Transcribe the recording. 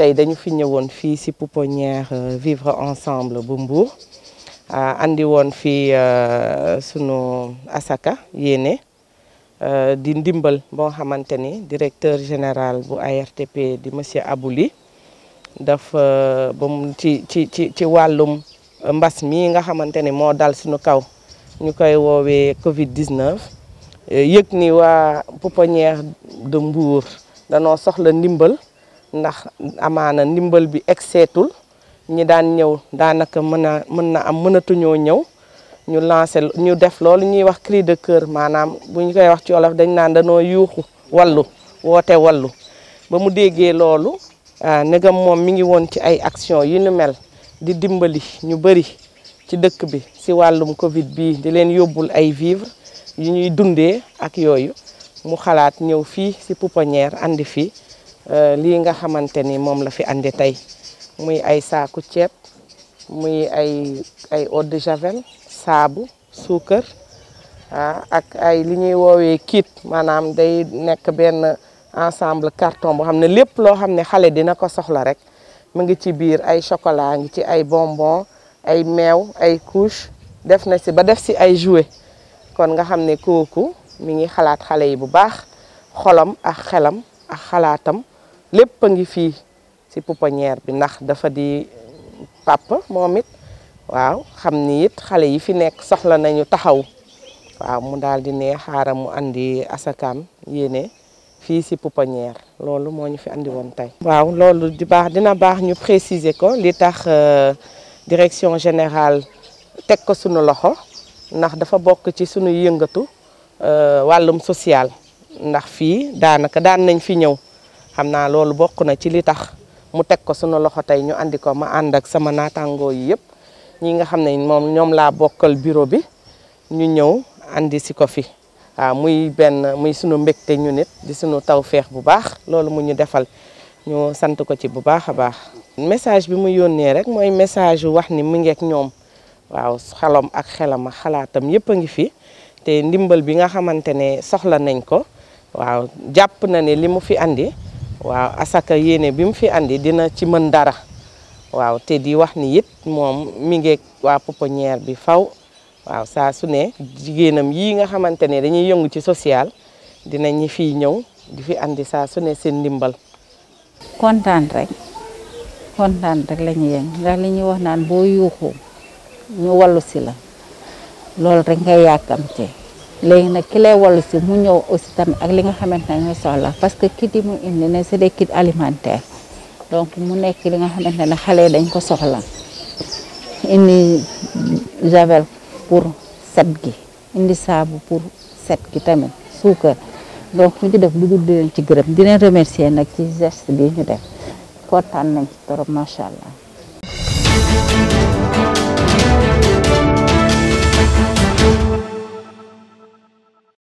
tey dañu fi ñëwoon fii ci pouponnière euh, vivre ensemble bu Mbour euh, andi woon fii euh, sunu asaka yéene di ndimbal boo xamante ni directeur général bu ARTP di monsieur Abouli dafa ba ci ci ci ci wàllum mbas mi nga xamante ni moo dal sunu kaw ñu koy woowee Covid 19 yëg ni waa pouponnière de Mbour danoo soxla ndimbal. ndax amaana ndimbal bi egg seetul ñi daan ñëw daanaka mën a mën na am mënatuñoo ñëw ñu lance ñu def loolu ñuy wax cri de cœur maanaam bu ñu koy wax ci wolof dañ naan danoo yuuxu wallu woote wallu ba mu déggee loolu ah, ndegam moom mi ngi woon ci ay action yu ñu mel di dimbali ñu bëri ci dëkk bi si wàllum Covid bi di leen yóbbul ay vivres yu ñuy dundee ak yooyu mu xalaat ñëw fii si pouponnière andi fii Euh, lii nga xamante ni moom la fi andi tey muy ay saaku ceeb muy ay ay eau de javel saabu suukar ah, ak ay li ñuy woowee kiit maanaam day nekk benn ensemble carton boo xam ne lépp loo xam ne xale dina ko soxla rek mu ngi ci biir ay chocolat ngi ci ay bonbon ay meew ay couche def na si ba def si ay jouet kon nga xam ne kooku mi ngi xalaat xale yi bu baax xolam ak xelam ak xalaatam lépp a ngi fii ci pouponnière bi ndax dafa di euh, papa moom it waaw xam ni it xale yi fi nekk soxla nañu taxaw waaw mu daal di ne xaaral mu andi asakaam yéene fii ci pouponnière loolu moo ñu fi andi woon tey. waaw loolu di baax dina baax ñu préciser ko li tax euh, direction général teg ko sunu loxo ndax dafa bokk ci sunu yëngatu euh, wàllum social ndax fii daanaka daan nañ fi ñëw. xamna naa loolu na ci li tax mu tek ko suñu loxo tay ñu andi ko ma and ak sama natango yi yëpp ñi nga xamne mom ñom la bokkal bureau bi ñu ñew andi si ko fi waaw muy ben muy suñu mbekté ñu nit di suñu tawféex bu baax loolu mu ñu defal ñu sant ko ci bu baaxa baax. message bi mu yónnee rek moy message wax ni mu ngeek ñom waaw xalom ak xelama xalaatam nga fi te ndimbal bi nga xamantene ne soxla nañ ko waaw japp na ne limu fi andi. waaw asaka yéene bi mu fi andi dina ci mën dara waaw te di wax ni it moom mi ngeeg waa pouponnière bi faw waaw saa su ne jigéenam yi nga xamante ne dañuy yëngu ci social dinañu fi ñëw di fi andi saa su ne seen ndimbal. kontaan rek kontaan rek la ñuy yëngu ndax wax naan boo yuuxu ñu wallu si la loolu rek ngay yàkkamte léegi nag ki lay si mu ñëw aussi tamit ak li nga xamante ne soxla parce que kit yi mu indi ne c'est des kits alimentaires donc mu nekk li nga xamante ne xale dañ ko soxla indi javel pour set gi indi saabu pour set gi tamit suukar donc mu ngi def lu dul di leen ci gërëb di leen remercier nag ci geste bi ñu def kontaan nañ ci trop macha allah.